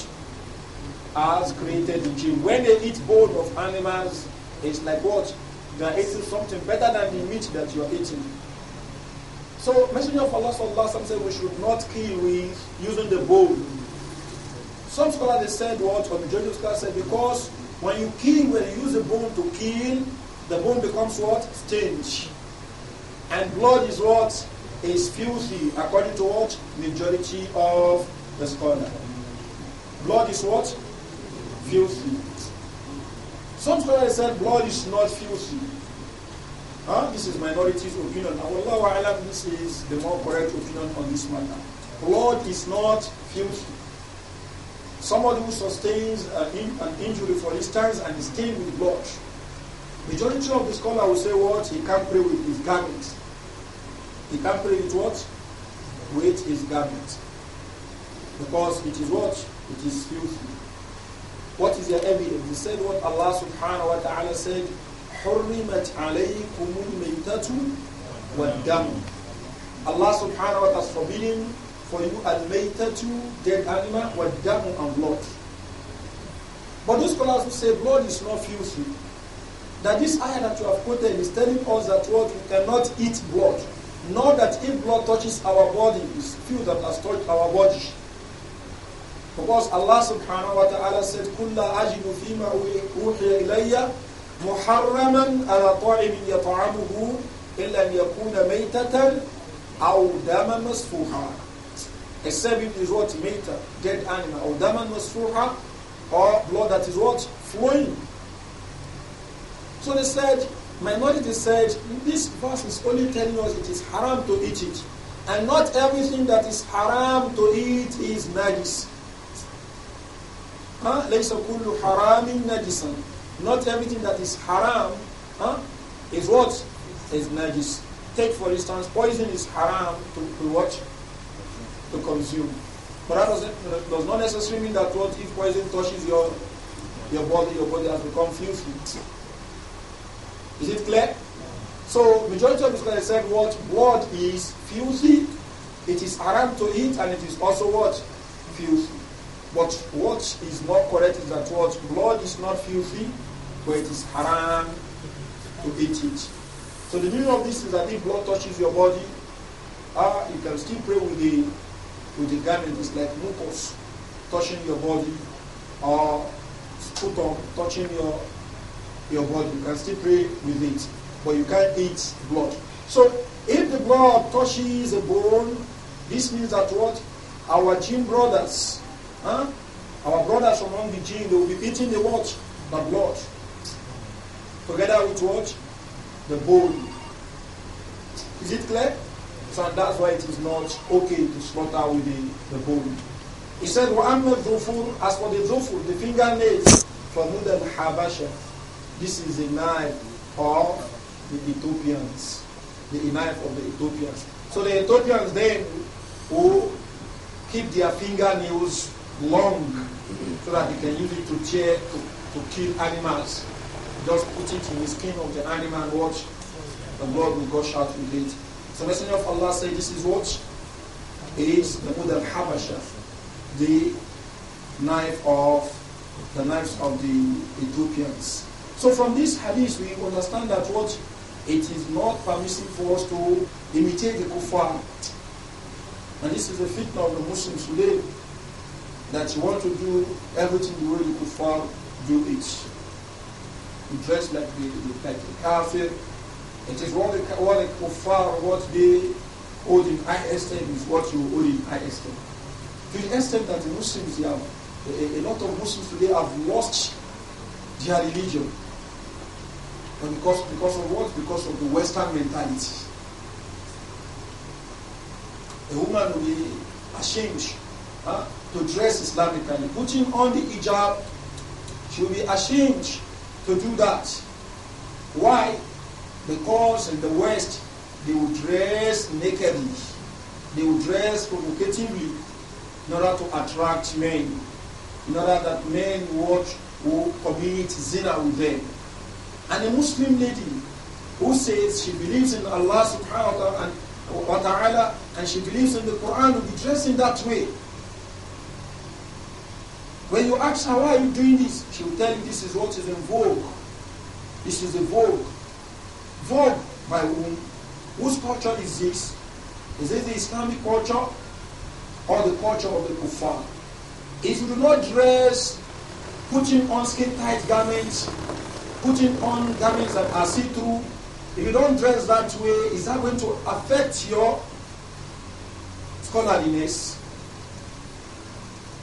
Has created the jinn. When they eat bone of animals, it's like what? They are eating something better than the meat that you are eating. So Messenger of Allah sallallahu said we should not kill with using the bow. Some scholars they said what or majority scholars said because when you kill, when you use a bone to kill, the bone becomes what? Stench. And blood is what? Is filthy according to what? Majority of the scholar. Blood is what? Filthy. Some scholars said blood is not filthy. Huh? This is minority's opinion. Allah alam, this is the more correct opinion on this matter. Blood is not filthy. Somebody who sustains an injury, for instance, and is stained with blood, majority of the scholar will say what? He can't pray with his garment. He can't pray with what? With his garment. Because it is what? It is filthy. What is the evidence? He said what Allah subhanahu wa ta'ala said, حرمت عليكم الميتة والدم Allah subhanahu wa ta'ala has forbidden for you al-maytatu, dead animal, wa and blood. But those scholars who say blood is not filthy, that this ayah that you have quoted is telling us that what we cannot eat blood. nor that if blood touches our body, is filth that has touched our body. Because Allah subhanahu wa ta'ala said, كُلَّ أَجِدُ فِي ma أُوحِيَ إِلَيَّ محرما على طاعم يطعمه إلا أن يكون ميتة أو دما مسفوحا السبب is what ميتة dead animal, او دما مسفوحا or blood that is what flowing. So they said, minority said, this verse is only telling us it is haram to eat it, and not everything that is haram to eat is najis. ليس كل حرام نجسا Not everything that is haram huh, is what? Is najis. Take for instance, poison is haram to, to watch, to consume. But that does, does not necessarily mean that what if poison touches your your body, your body has become filthy. Is it clear? So majority of the scholars said what blood is filthy, it is haram to eat, and it is also what filthy. But what is not correct is that what blood is not filthy, where it is haram to eat it. So the meaning of this is that if blood touches your body, ah, you can still pray with the with the garment. It's like mucus touching your body or sputum touching your your body. You can still pray with it, but you can't eat blood. So if the blood touches a bone, this means that what our jinn brothers, huh? our brothers among the jinn, they will be eating the what the blood together with what? The bone. Is it clear? So that's why it is not okay to slaughter with the, the bone. He said, وَأَمَّا الظُّفُرُ As for the dhufur, the fingernails, فَهُدَ Habasha, This is a knife of the Ethiopians. The knife of the Ethiopians. So the Ethiopians then who keep their fingernails long so that they can use it to tear, to, to kill animals just put it in the skin of the animal and watch the blood will gush out with it. So Messenger of Allah said this is what is the Mudal Habasha, the knife of the knives of the Ethiopians. So from this hadith we understand that what it is not permissible for us to imitate the kuffar. And this is the fitna of the Muslims today that you want to do everything the way the kuffar do it dress like the, like the kafir. It is what the, what the kuffar, what they hold in high esteem is what you hold in high esteem. To the extent that the Muslims, they have, a, a lot of Muslims today have lost their religion. because, because of what? Because of the Western mentality. A woman will be ashamed huh, to dress Islamically. Putting on the hijab, she will be ashamed to do that. Why? Because in the West, they would dress nakedly. They would dress provocatively in order to attract men, in order that men watch who commit zina with them. And a Muslim lady who says she believes in Allah subhanahu wa ta'ala and she believes in the Quran will be dressed in that way. When you ask her, why are you doing this? She will tell you this is what is in vogue. This is the vogue. Vogue by whom? Whose culture is this? Is it the Islamic culture or the culture of the kuffar? If you do not dress, putting on skin-tight garments, putting on garments that are see-through, if you don't dress that way, is that going to affect your scholarliness?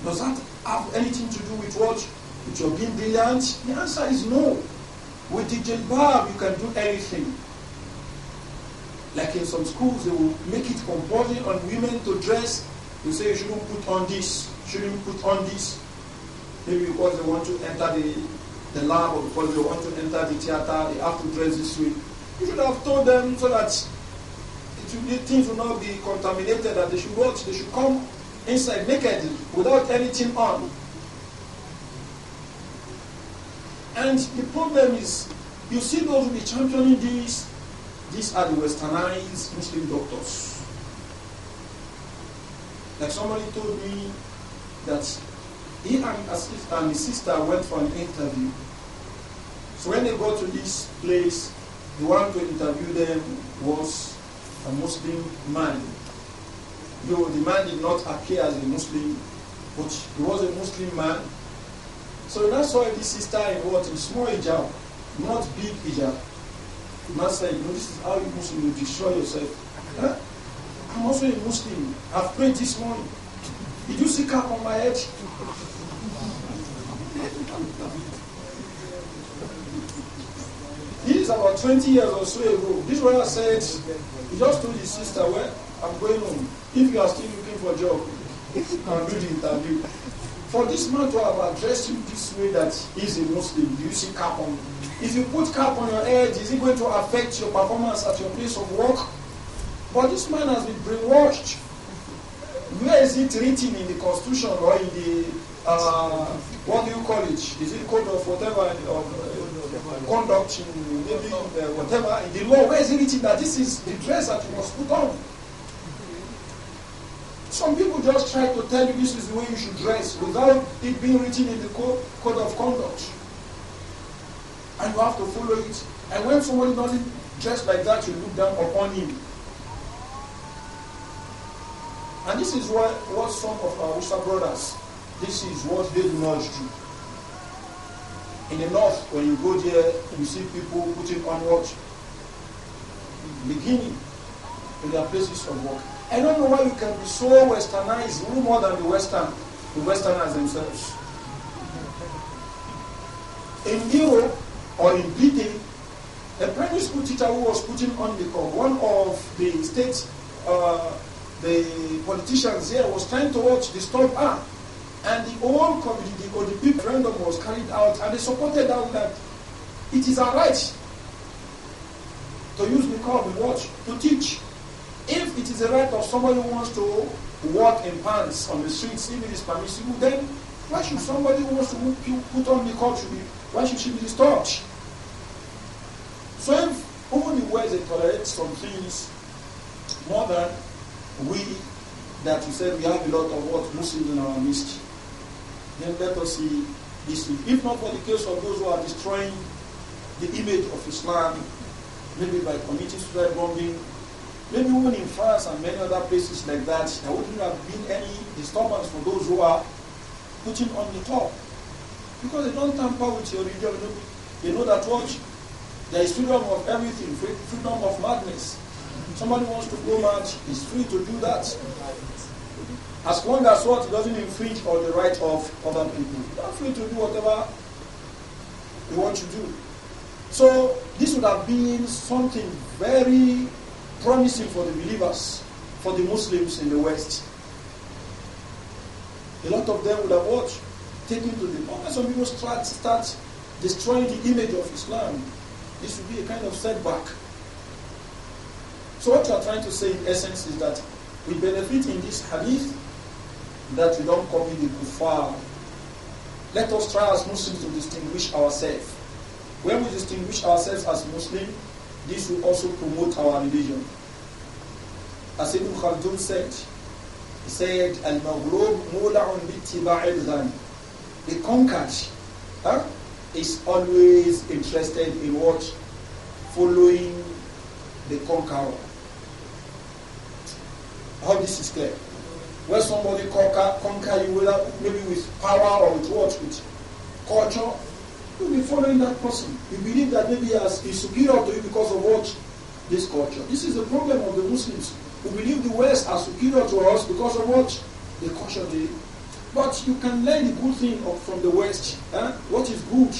Does that have anything to do with what? With your being brilliant? The answer is no. With the jilbab, you can do anything. Like in some schools, they will make it compulsory on women to dress. They say you shouldn't put on this, shouldn't put on this. Maybe because they want to enter the, the lab or because they want to enter the theater, they have to dress this way. You should have told them so that it will, things will not be contaminated, that they should watch, they should come inside naked without anything on. And the problem is, you see those who be championing these. these are the westernized Muslim doctors. Like somebody told me that he and his, and his sister went for an interview. So when they got to this place, the one to interview them was a Muslim man though the man did not appear as a Muslim, but he was a Muslim man. So that's why this sister in what? In small hijab, not big hijab. The man said, you know, this is how you Muslim you destroy yourself. Huh? I'm also a Muslim. I've prayed this morning. Did you see cap on my head? this is about 20 years or so ago. This brother I said, he just told his sister, well, I'm going home if you are still looking for a job, i can do the interview. For this man to have addressed you this way that he's a Muslim, do you see cap on? If you put cap on your head, is it going to affect your performance at your place of work? But this man has been brainwashed. Where is it written in the constitution or in the uh, what do you call it? Is it code of whatever or uh, conduct in maybe uh, whatever in the law? Where is it written that this is the dress that you must put on? Some people just try to tell you this is the way you should dress without it being written in the code, code of conduct. And you have to follow it. And when somebody doesn't dress like that, you look down upon him. And this is what, what some of our Usa brothers, this is what they do not do. In the north, when you go there, you see people putting on what? Beginning in their places of work. I don't know why you can be so westernized, no more than the Western, the Westerners themselves. In Europe or in Britain, a primary school teacher who was putting on the cover, one of the states, uh, the politicians there was trying to watch the stop her. And the whole community, or the people referendum was carried out, and they supported out that it is our right to use the call the watch to teach. If it is a right of somebody who wants to walk in pants on the streets, if it is permissible, then why should somebody who wants to put on the coat should be, why should she be disturbed? So if only where they tolerate some things more than we that you said we have a lot of what Muslims in our midst, then let us see this. If not for the case of those who are destroying the image of Islam, maybe by committing suicide bombing, Maybe even in France and many other places like that, there wouldn't have been any disturbance for those who are putting on the top. Because they don't tamper with your religion. They know that what? There is freedom of everything, freedom of madness. Somebody wants to go mad, he's free to do that. As long as what doesn't infringe on the right of other people. You are free to do whatever you want to do. So this would have been something very promising for the believers, for the Muslims in the West. A lot of them would have watched, Taken to the moment. Some people start, start destroying the image of Islam. This would be a kind of setback. So what you are trying to say in essence is that we benefit in this hadith that we don't copy the kuffar. Let us try as Muslims to distinguish ourselves. When we distinguish ourselves as Muslim, this will also promote our religion. As Ibn Khaldun said, he said, Al-Maghlub mula'un bittiba'il ghani. The conquered huh, is always interested in what? Following the conqueror. I hope this is clear. When somebody conquer, conquer you, will maybe with power or with what? With culture You'll be following that person. You believe that maybe he is superior to you because of what? This culture. This is the problem of the Muslims who believe the West are superior to us because of what? The culture they. But you can learn the good thing of, from the West. Eh? What is good,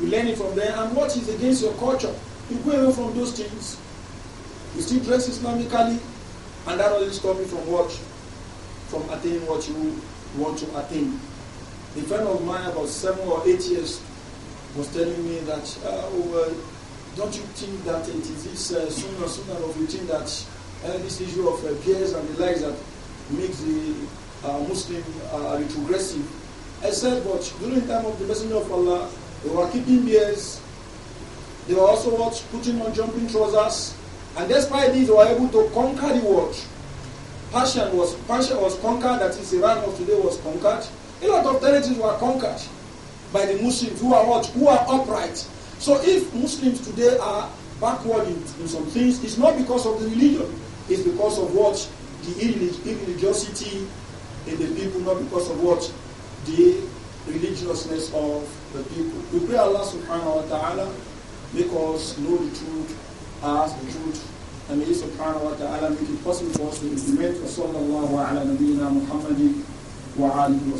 you learn it from there. And what is against your culture, you go away from those things. You still dress Islamically, and that only stops you from what? From attaining what you want to attain. A friend of mine, about seven or eight years was telling me that, uh, oh, don't you think that it is this uh, sooner sooner of you think that uh, this issue of uh, peers and the likes that makes the uh, Muslim uh, retrogressive? I said, but during the time of the Messenger of Allah, they were keeping beards, they were also what, putting on jumping trousers, and despite this, they were able to conquer the world. Persia was, Persia was conquered, that is, Iran of today was conquered. A lot of territories were conquered by the Muslims who are what? Who are upright. So if Muslims today are backward in, in some things, it's not because of the religion. It's because of what? The irreligiosity in the people, not because of what? The religiousness of the people. We pray Allah subhanahu wa ta'ala make us know the truth, ask the truth, and may subhanahu wa ta'ala make it possible for us to implement wa sallallahu ala nabiyyina Muhammadin wa alihi wa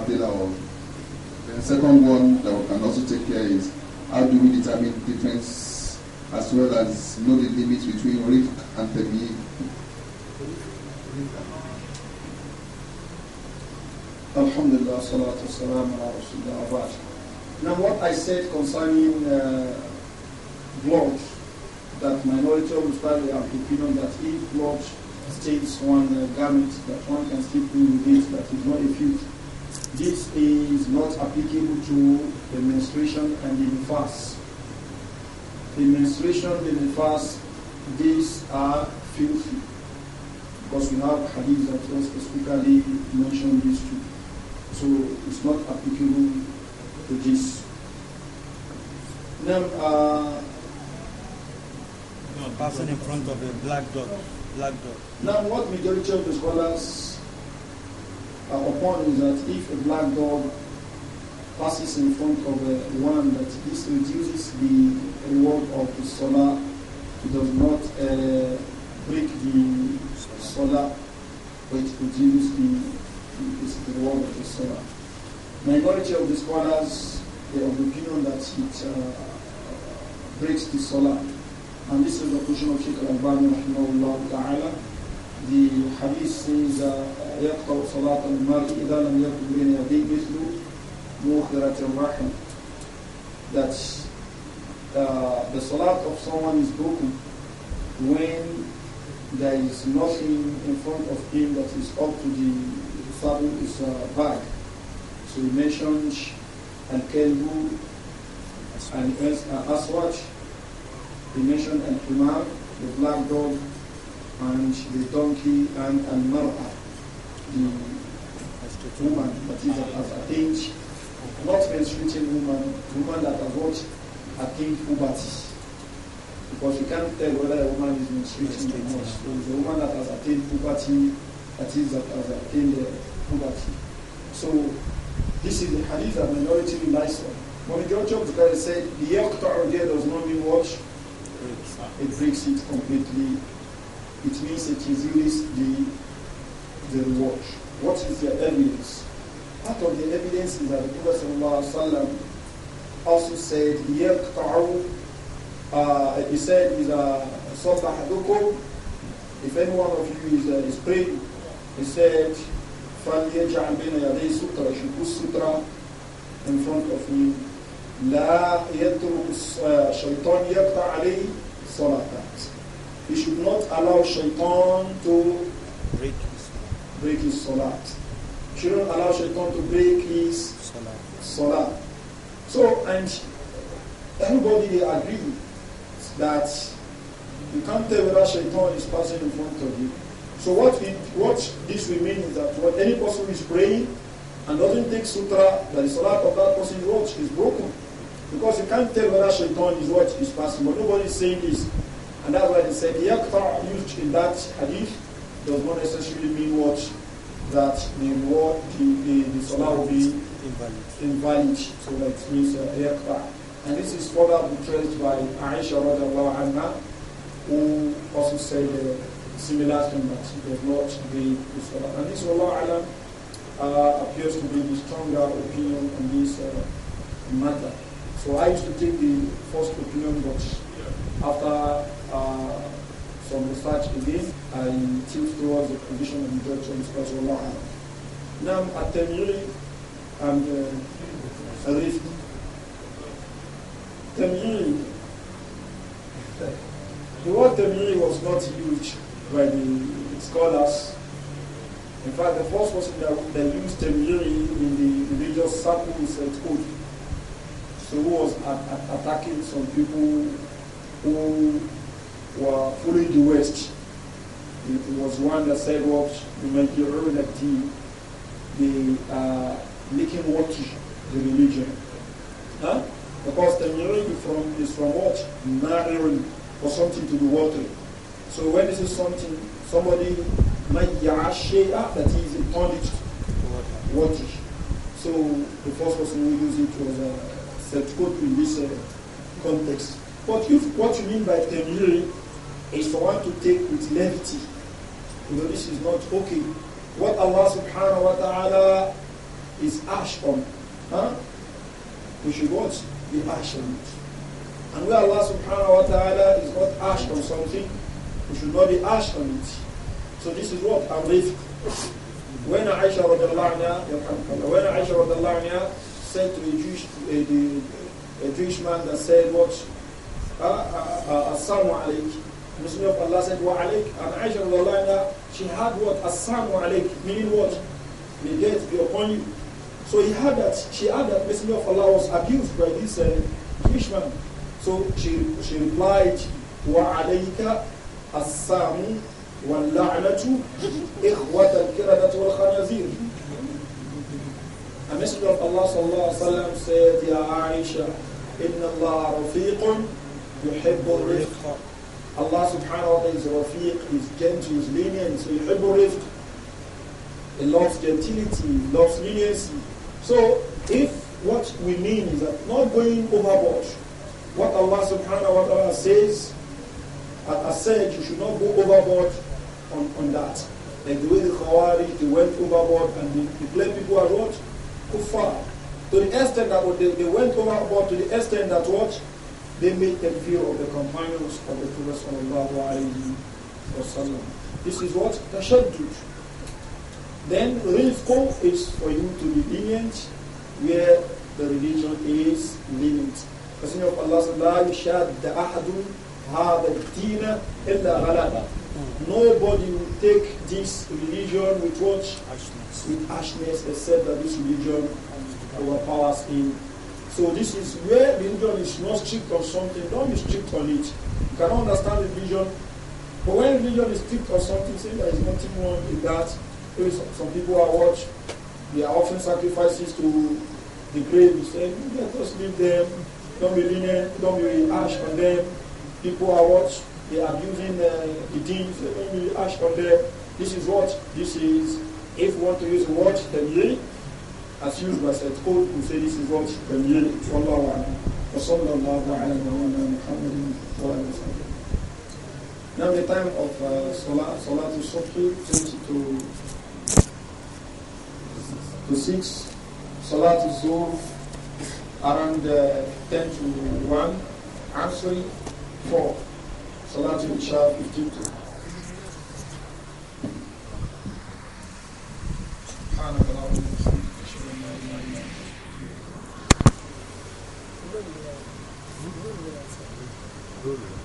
of. The second one that we can also take care is how do we determine difference as well as know the limits between risk and tabi'i. Alhamdulillah, salatu salam ala rasulullah Now what I said concerning uh, blood, that minority of Ustadi have opinion that if blood stains one uh, garment, that one can still clean with it, that is not a filth this is not applicable to the menstruation and the nifas. The menstruation, the nifas, these are filthy. Because we have hadith that was specifically mentioned these two. So it's not applicable to this. Then, uh, no, passing in front of a black dog. Black dog. Now, what majority of the scholars upon is that if a black dog passes in front of one, that this reduces the reward of the solar. It does not uh, break the solar, but it reduces the, the, reward of the solar. Minority of the scholars are of the opinion that it uh, breaks the solar. And this is the position of Sheikh Al-Albani, rahimahullah ta'ala, the hadith says, يقطع صلاة المرء إذا لم يكن بين يديه مثل مغفرة الرحم. That uh, the salat of someone is broken when there is nothing in front of him that is up to the saddle is uh, back. So he mentioned Al-Kelbu and uh, Aswaj. He mentioned Al-Humam, the black dog, and the donkey and al mar'a, the woman that is has attained, not menstruating woman, woman that has not attained puberty. Because you can't tell whether a woman is menstruating or not. So the woman that has attained puberty, that is that has attained uh, puberty. So this is the hadith that minority relies on. When majority of the guys said, the does not mean what? It breaks it completely it means it is used the, the watch. What is the evidence? Part of the evidence is that the Prophet ﷺ also said, يَقْطَعُ uh, He said, إِذَا a أَحَدُكُمْ If any one of you is, uh, is praying, he said, فَلْيَجْعَلْ بَيْنَ يَدَيْ سُتْرَ Should put sutra in front of me. لَا يَتْرُكُ الشَّيْطَانِ يَقْطَعْ عَلَيْهِ صَلَاتَهُ he should not allow shaitan to break his, break his salat. Shouldn't allow shaitan to break his salat. salat. So, and everybody agree that you can't tell whether shaitan is passing in front of you. So what it, what this will mean is that when any person is praying and doesn't take sutra, the salat of that person is broken. Because you can't tell whether shaitan is what is passing. But nobody is saying this. And that's why they said, the Yaqta' used in that hadith does not necessarily mean what? That the reward, the, the, the salah will be invalid. invalid. So that means uh, Yaqta'. And this is further buttressed by Aisha radiallahu anha, who also said the uh, similar thing that does not be the salah. And this, Allah alam, uh, appears to be the stronger opinion on this uh, matter. So I used to take the first opinion, but after some uh, research in this. I tilt towards the position of the doctrines as well. Now at Temuri and uh, Rift. Temuri, the word Temuri was not used by the scholars. In fact, the first person that, that used Temuri in the religious circles at Code. So who was attacking some people who were fully the West. It was one that said what Majority, they are making what the religion. Huh? Because the from is from what? Narrowing or something to the water. So when this is something, somebody ah, that that is a tonic water. So the first person we use it was a uh, set in this uh, context. What you, what you mean by temiri is for one to take with levity. You know, this is not okay. What Allah subhanahu wa ta'ala is ash on. Huh? We should watch the ash on it. And where Allah subhanahu wa ta'ala is not ash on something, we should not be ash on it. So this is what Arif. When Aisha when Aisha said to a Jewish, a, a Jewish man that said what? Uh, uh, uh, uh Messenger of Allah said, Wa alaik, and Aisha Allah, she had what? Assam wa alaik, meaning what? May death be upon you. So he had that, she had that Messenger of Allah was abused by this uh, Jewish man. So she, she replied, Wa alaika assamu واللعنة إخوة الكردة والخنازير A Messenger of Allah sallallahu alayhi wa sallam said يا عائشة إن الله رفيق يحب rifqa Allah subhanahu wa ta'ala is rafiq, is gentle, is lenient, so yuhibbu rifq. He loves gentility, he loves leniency. So if what we mean is that not going overboard, what Allah subhanahu wa ta'ala says, as said, you should not go overboard on, on that. Like the way the Khawarij, they went overboard and they declared people are what? Kufar. To the extent that they, they went overboard, to the extent that what? They made the view of the companions of the Prophet sallallahu alayhi wasallam. This is what tashaddud. Then rizq is for you to be lenient where the religion is lenient. Messenger of Allah Nobody will take this religion with what? Ashness. With ashness except that this religion overpowers him so this is where religion is not strict on something, don't be strict on it. You cannot understand the religion. But when religion is strict on something, say there is nothing wrong in that. Some people are watch, they are offering sacrifices to the grave. You say, mm, yeah, just leave them, don't be lenient, don't be ash on them. People are what? They are abusing uh, the deeds, don't be ash on them. This is what? This is, if you want to use the word, then as used by Said say this is what to Allah Now the time of uh, Salat, Salat al-Subhi changed to, to 6. Salat al-Zuhr around uh, 10 to 1. Asr 4. Salat al-Isha 15 to Absolutely.